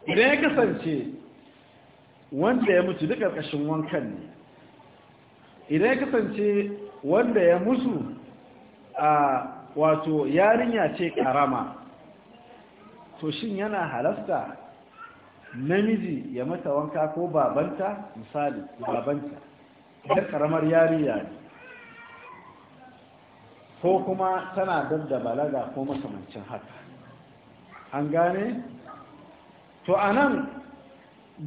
idan ya kasance wanda ya mutu duk ƙarƙashin wankan ne idan ya kasance wanda ya mutu a wato yarinya ce ƙarama to shin yana halasta namiji ya mata wanka ko babanta misali babanta yar ƙaramar yarinya ne ko kuma tana dab balaga ko makamancin haka an gane to a nan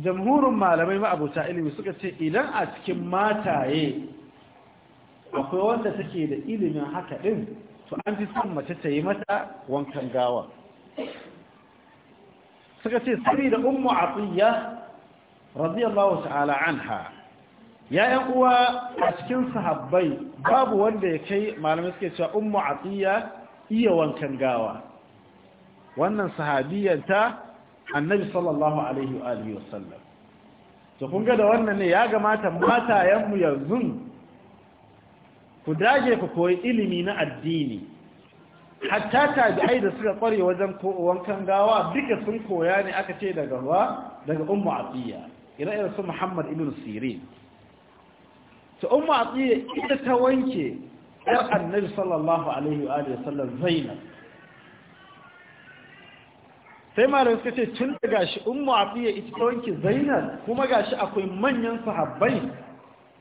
jamhurin malamai ma'abuta ilimi suka ce idan a cikin mataye akwai wanda take da ilimin haka ɗin to an fi son mace ta yi mata wankan gawa suka ce da ummu atiyya radiyallahu ta'ala anha ya uwa a cikin sahabbai babu wanda ya kai malamai suke cewa ummu atiya iya wankan gawa wannan sahabiyanta annabi sallallahu alaihi wa alihi wasallam to kun ga da wannan ne ya gamata matayenmu yanzu ku dage ku koyi ilimi na addini hatta tabi'ai da suka kware wajen ko wankan gawa duka sun koya ne aka ce daga ruwa daga ummu atiya ina irin su muhammad ibn sirin to ummu atiya ita ta wanke yar annabi sallallahu alaihi wa sallam zainab sai malam suka ce tun da gashi ummu atiya ita ta wanke zainab kuma gashi akwai manyan sahabbai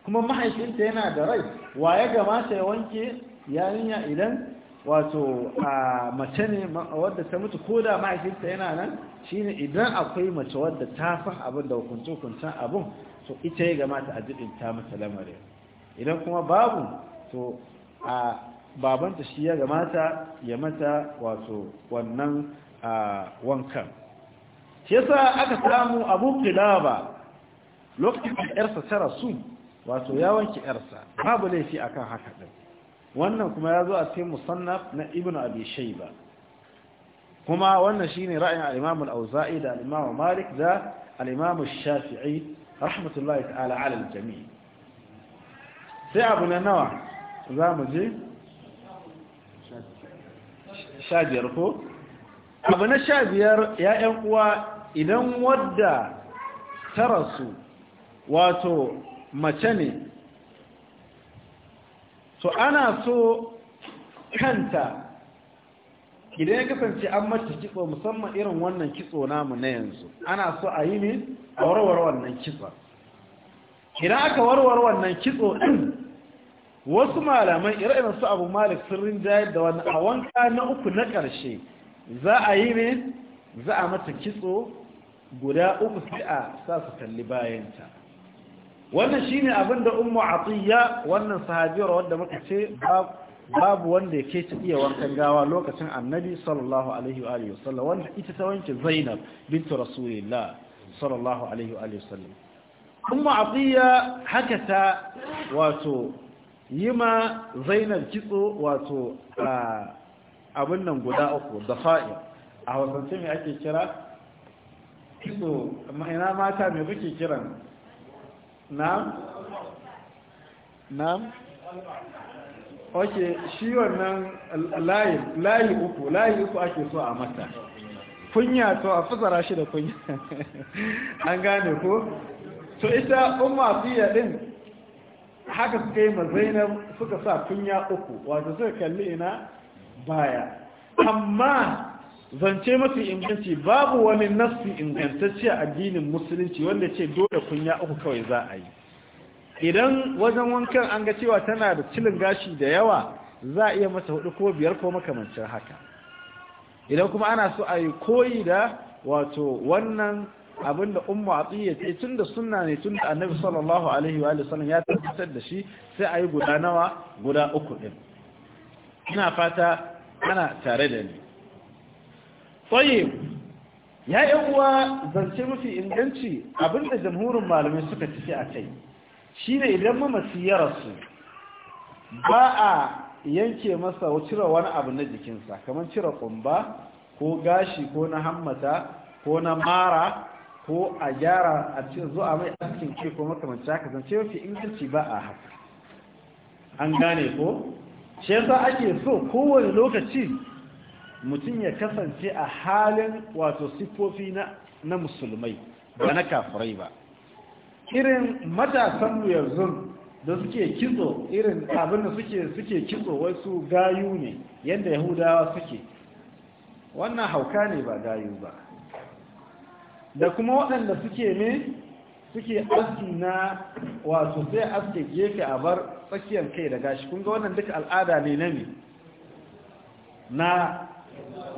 kuma mahaifinta yana da rai waya ya gamata ya wanke yarinya idan wato a mace ne wadda ta mutu ko da mahaifinta yana nan shine idan akwai mace wadda ta san abin da hukunce hukuncen abin so ita ya gamata a jiɗin ta mata lamarin idan kuma babu to a babanta shi ya gamata ya mata wato wannan wankan shi yasa aka samu abu kilaba lokacin da yarsa ta rasu wato ya wanke yarsa babu laifi akan haka ɗin wannan kuma ya zo a cikin musannaf na ibnu abi shayba kuma wannan shine ra'ayin al auzai da al malik da al shafi'i rahmatullahi ta'ala alal jami'i. sai abu na nawa za mu je sha biyar ko abu na sha biyar ya'yan uwa idan wadda ta rasu wato mace ne to ana so kanta idan ya kasance an mace kitso musamman irin wannan kitso namu na yanzu ana so a yi ne a warware wannan kitso idan aka warware wannan kitso ɗin wasu malaman ire-iren su abu malik sun rinjayar da wani a wanka na uku na ƙarshe za a yi ne za a mata kitso guda uku sai a sa su kalli bayanta wannan ne abin da ummu atiya wannan sahabiyar wadda muka ce babu wanda yake ta iya wankan gawa lokacin annabi sallallahu alaihi wa alihi wasallam wanda ita ta wanke zainab bintu rasulillah sallallahu alaihi wa alihi wasallam ummu atiya haka ta wato yi ma zainar kitso wato abin nan guda uku da fa'i a wasance mai ake kira kitso ma'ina mata mai kuke kiran na? na? ok shi wannan layi uku layi uku ake so a mata kunya to a fuzara shi da kunya an gane ko to ita umar fiye din haka suka yi mazainar suka sa kunya uku wato suka kalli ina baya amma zance mafi inganci babu wani nafi ingantacce a addinin musulunci wanda ce dole kunya uku kawai za a yi idan wajen wankan an ga cewa tana da cilin gashi da yawa za a iya mata hudu ko biyar ko makamancin haka idan kuma ana so a yi koyi da wato wannan abinda ummu ya ce tunda sunna ne tunda annabi sallallahu alaihi wa sallam ya tabbatar da shi sai ayi guda nawa guda uku din ina fata ana tare da ni tayyib ya yi uwa zance mafi inganci abinda jamhurin malamai suka ciki a kai shi ne idan mamaci ya rasu ba a yanke masa cire wani abu na jikinsa kamar cire kumba ko gashi ko na hammata ko na mara ko a gyara a cikin zo a mai askin ce ko makamanci haka zance mafi inganci ba a haka an gane ko shi yasa ake so kowane lokaci mutum ya kasance a halin wato Sifofi na musulmai ba na kafirai ba irin matasan mu yanzu da suke kitso irin abin da suke suke kitso wai su gayu ne yadda yahudawa suke wannan hauka ne ba gayu ba da kuma waɗanda suke ne suke aski na wato sai aske gefe a bar tsakiyar kai da gashi kun ga wannan duka al'ada ne na ne na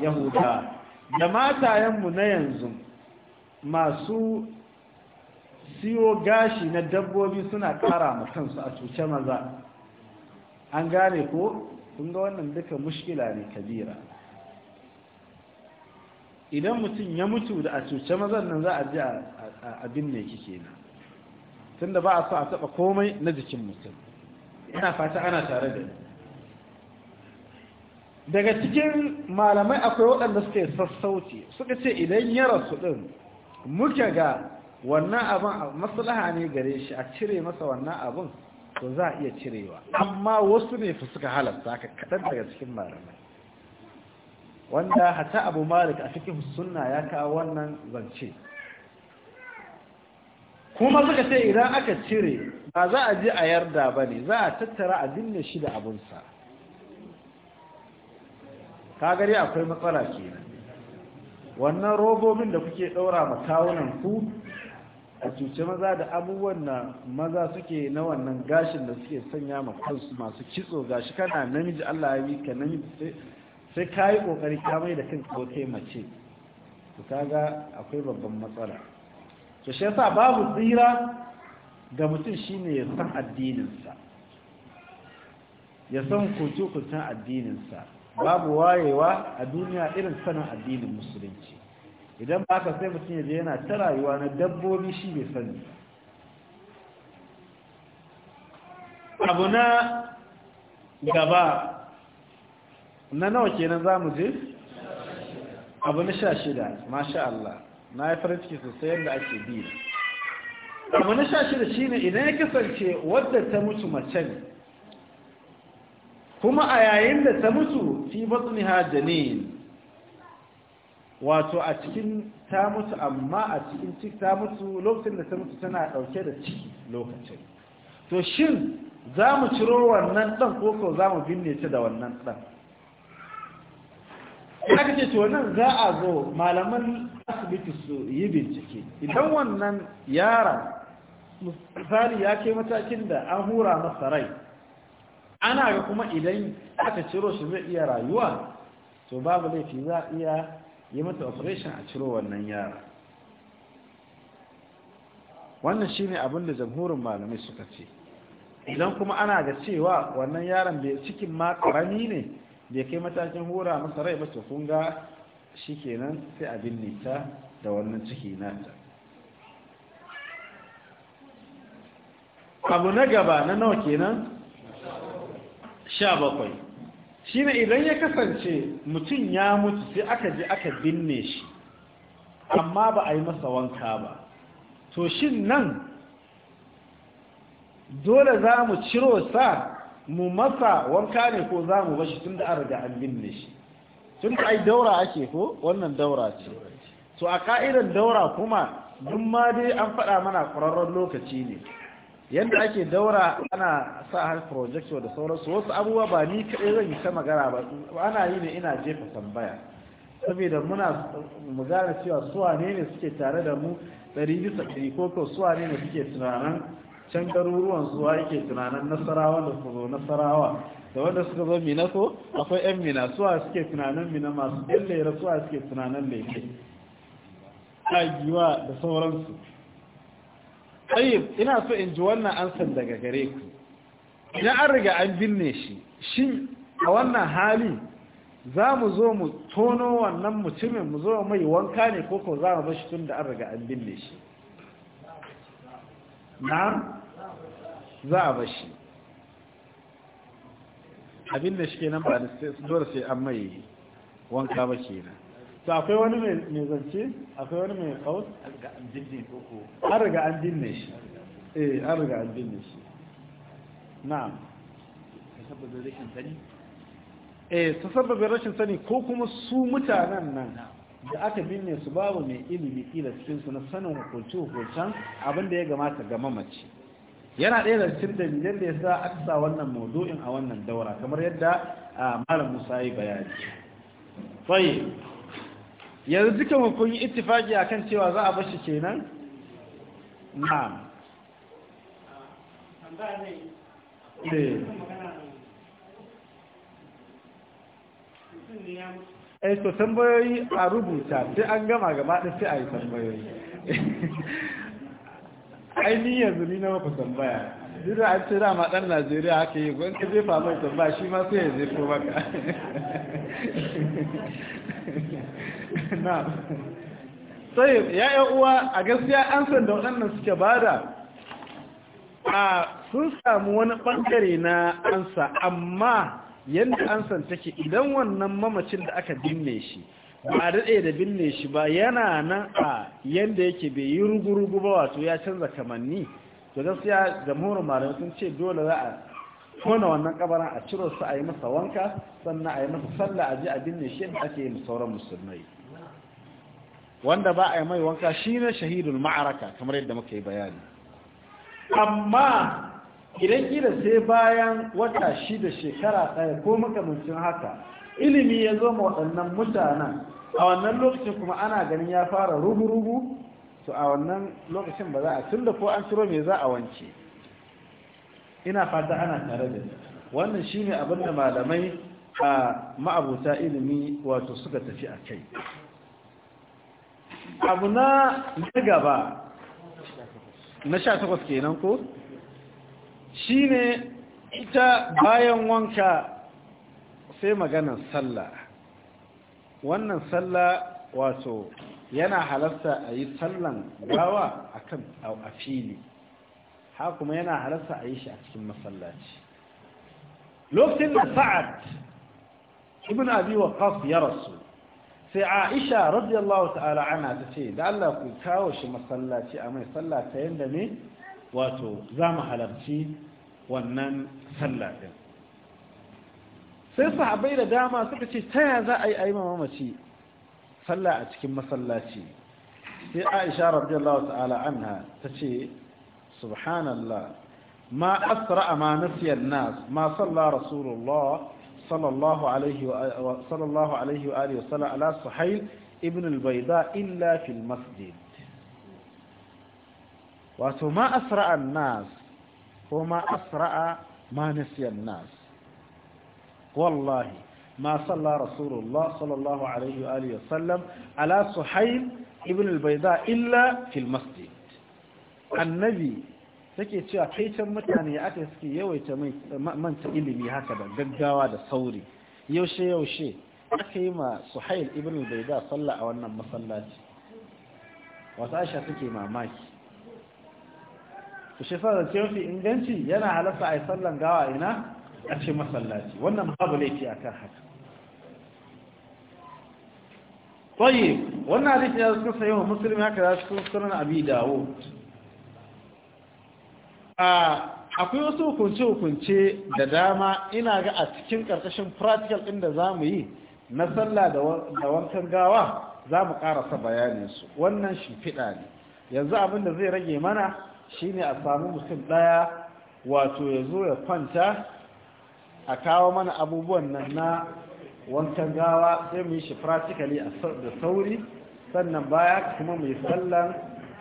yahuda da matayenmu na yanzu masu siyo gashi na dabbobi suna ƙara ma kansu a cuce maza an gane ko kun ga wannan duka mushkila ne kabira idan mutum ya mutu da a cuce mazan nan za a ji a binne ki kenan tunda ba a so a taba komai na jikin mutum ina fata ana tare da ni daga cikin malamai akwai waɗanda suka yi sassauci suka ce idan ya rasu ɗin muke ga wannan abin a maslaha ne gare shi a cire masa wannan abin to za a iya cirewa amma wasu ne fi suka halatta ka kaɗan daga cikin malamai wanda hata abu malik a cikin sunna ya kawo wannan zance kuma suka ce idan aka cire ba za a je a yarda ba ne za a tattara a dinne shi da abunsa kagari akwai matsala kenan wannan robobin da kuke ɗaura makawunan ku a cuce maza da abubuwan na maza suke na wannan gashin da suke sanya ma kansu masu kitso gashi kana namiji Allah ya yi ka namiji sai ka yi ƙoƙari ka mai da kanka wata mace to ga akwai babban matsala to shi yasa babu tsira ga mutum shine ya san addininsa ya san kuce addininsa babu wayewa a duniya irin sanin addinin musulunci idan ba ka sai mutum yaje yana ta rayuwa na dabbobi shi bai sani abu na gaba na nawa kenan za mu je abu na sha shida masha Allah na yi farin ciki sosai yadda ake bi abu na sha shida ne idan ya kasance wadda ta mutu macen kuma a yayin da ta mutu fi batniha ne. wato a cikin ta mutu amma a cikin ciki ta mutu lokacin da ta mutu tana dauke da ciki lokacin to shin za mu ciro wannan dan ko ko za mu binne ta da wannan dan ya ka ce to nan za a zo malaman asibiti su yi bincike idan wannan yara misali ya ke matakin da an hura masa rai ana ga kuma idan aka ciro shi zai iya rayuwa to babu laifi za a iya yi mata operation a ciro wannan yara wannan shine abin da jamhurin malamai suka ce idan kuma ana ga cewa wannan yaran bai cikin ma karami ne bai kai matakin hura masa rai ba to kun ga kenan sai a binne ta da wannan ciki nata abu na gaba na nawa kenan sha bakwai Shi ne idan ya kasance mutum ya mutu sai aka je aka binne shi amma ba a yi masa wanka ba to shin nan dole za mu ciro sa mu masa wanka ne ko za mu bashi tun da an riga an binne shi tun da ai daura ake ko wannan daura ce to a ka'idar daura kuma duk ma dai an faɗa mana ƙwararren lokaci ne yadda ake daura ana sa har projector da sauransu wasu abubuwa ba ni kaɗai zan yi ta magana ba ana yi ne ina jefa tambaya saboda muna mu gane cewa suwa ne ne suke tare da mu ɗari bisa ɗari ko ko suwa ne suke tunanin can garuruwan zuwa yake tunanin nasarawa da kuma nasarawa da wanda suka zo mina so akwai yan mina suwa suke tunanin mina masu yan lera suwa suke tunanin leke giwa da sauransu tsayib ina so in ji wannan ansan daga gare ku ina an riga an binne shi shin a wannan hali za mu zo mu tono wannan mutumin mu zo mai wanka ne koko za mu bashi tun da an riga an binne shi na za a bashi abin da shi ke nan ba dole sai an mai wanka ba ke nan to akwai wani mai zance akwai wani mai kaus an riga an dinne shi eh an riga an dinne shi na'am rashin sani eh ta sababin rashin sani ko kuma su mutanen nan da aka binne su babu mai ilimi kila cikin su na sanin hukunci hukuncen abin da ya gamata ga mamaci yana ɗaya da cikin dalilan da ya sa aka sa wannan maudu'in a wannan daura kamar yadda malam Musa yi bayani fayi yanzu duka mu kun yi a kan cewa za a bashi kenan na'am eh. eh to tambayoyi a rubuta sai an gama gaba da sai a yi tambayoyi ainihin yanzu ni na maka tambaya dira a an ce dama ɗan najeriya haka yi gwan ka jefa mai tambaya shi ma sai ya jefo maka sai ya yi uwa a gaskiya an san da waɗannan suke bada a sun samu wani ɓangare na ansa amma yadda an san take idan wannan mamacin da aka binne shi ba a daɗe da binne shi ba yana nan a yadda yake bai yi rugu-rugu ba wato ya canza kamanni to gaskiya jamhuri malamai sun ce dole za a tona wannan kabarin a ciro su a yi masa wanka sannan a yi masa sallah a ji a binne shi yadda ake yin sauran musulmai wanda ba a yi mai wanka shi ne shahidul ma'araka kamar yadda muka yi bayani amma idan kira sai bayan wata da shekara ɗaya ko makamancin haka ilimi ya zo ma waɗannan mutanen a wannan lokacin kuma ana ganin ya fara rubu-rubu. to a wannan lokacin ba za a tun da ko an ciro mai za a wance ina fata ana tare da wannan shi ne abin da malamai a ma'abuta ilimi wato suka tafi a kai abu na gaba na sha takwas kenan ko Shi ne ita bayan wanka sai magana sallah wannan sallah wato yana halarta a yi sallan gawa a fili ha kuma yana halarta a yi shi a cikin masallaci lokacin da sa'ad ibn abi qas ya rasu sai aisha radiyallahu ta'ala ana ta ce da Allah ku kawo shi masallaci a mai sallah ta yanda ne wato za mu halarci wannan sallah din sai sahabbai da dama suka ce ta ya za a yi aima mamaci sallah a cikin masallaci sai aisha radiyallahu ta'ala anha ta ce subhanallah ma asra ma nasiyar nas ma salla rasulullah sallallahu alaihi wa sallallahu alaihi wa alihi wa sallam ala suhail ibn al-bayda illa fil masjid wato ma asra'a nas ko ma asra'a ma nas wallahi ma صلى رسول sallallahu alaihi wa عليه وآله وسلم على صحيل ابن البيضاء إلا في المسجد take cewa kaitan mutane aka suke yawaita manta ilimi haka da gaggawa da sauri yaushe yaushe aka yi ma suhail ibn al-baida sallah a wannan masallaci wasu aisha suke mamaki to shi da mafi inganci yana halatta a yi sallan gawa ina a ce masallaci wannan babu laifi a kan haka tsaye wannan hadisi ya zuka sayi wa musulmi haka za su sunan abi dawo akwai wasu hukunce-hukunce da dama ina ga a cikin ƙarƙashin practical ɗin da za mu yi na salla da wankan gawa za mu ƙarasa su. wannan shimfiɗa ne yanzu abin da zai rage mana ne a samu mutum ɗaya wato ya zo ya kwanta a kawo mana abubuwan nan na wankan gawa sai mu yi shi fratikali da sauri sannan baya kuma mu yi sallan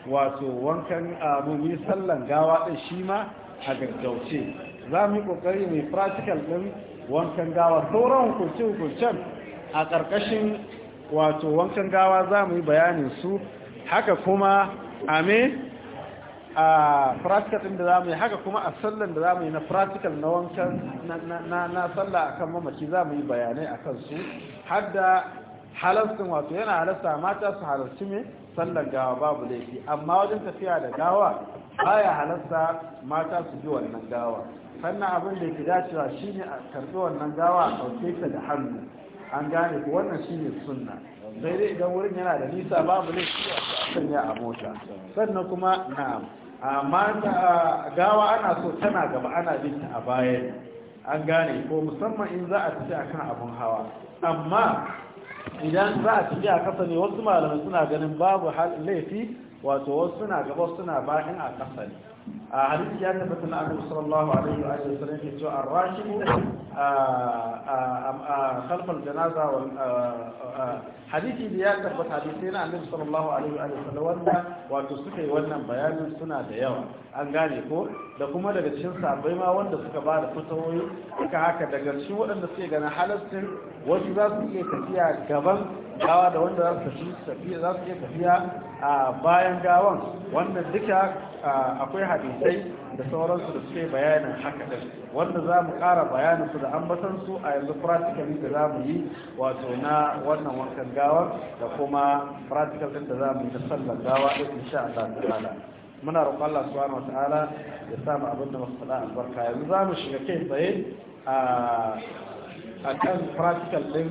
wato wankan mu yi sallan gawa ɗin shi ma a gaggauce za mu yi ƙoƙari mai yi ɗin wankan gawa sauran hukunce-hukuncen a ƙarƙashin wato wankan gawa za mu yi bayanin su haka kuma amin. a practical din da zamu yi haka kuma a sallan da zamu yi na practical na wankan na na sallah akan mamaci zamu yi bayanai akan su har da halastin wato yana halasta mata su halarci me sallan gawa babu laifi amma wajen tafiya da gawa baya halasta mata su ji wannan gawa sannan abin da ke dacewa shine a karbi wannan gawa a ɗauke ta da hannu an gane ku wannan shine sunna sai dai idan wurin yana da nisa babu laifi a sanya a mota sannan kuma na'am amma gawa ana so tana gaba ana binta a baya an gane ko musamman in za a tafi akan abun hawa amma idan za a tafi a kasa ne wasu malamai suna ganin babu laifi wato wasu suna gaba suna bayan a kasa a hadisi ya tabbata na abu sallallahu alaihi wa alihi wasallam ke cewa ar-rashid a khalfal janaza wa hadisi da ya tabbata hadisi na annabi sallallahu alaihi wa alihi wanda wato suka yi wannan bayanin suna da yawa an gane ko da kuma daga cikin sabai ma wanda suka ba da fitawoyi haka haka daga cikin waɗanda suke gana halastin wasu za su iya tafiya gaban gawa da wanda za su tafiya za su iya tafiya a bayan gawan wannan duka akwai hadisi sai da sauransu da suke bayanin haka din wanda za mu ƙara bayanin su da basan su a yanzu practically da za mu yi wato na wannan wankan gawa da kuma practical ɗin da za mu yi da sallar gawa din insha Allah ta'ala muna roƙon Allah subhanahu wataala ya sa mu abin da muka faɗa albarka yanzu za mu shiga kai tsaye a a kan practical din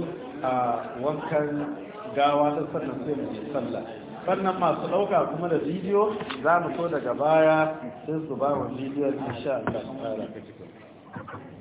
wankan gawa din sannan sai mu yi sallah sannan masu ɗauka kuma da bidiyo za mu so daga baya sai su ba wa bidiyon insha Allah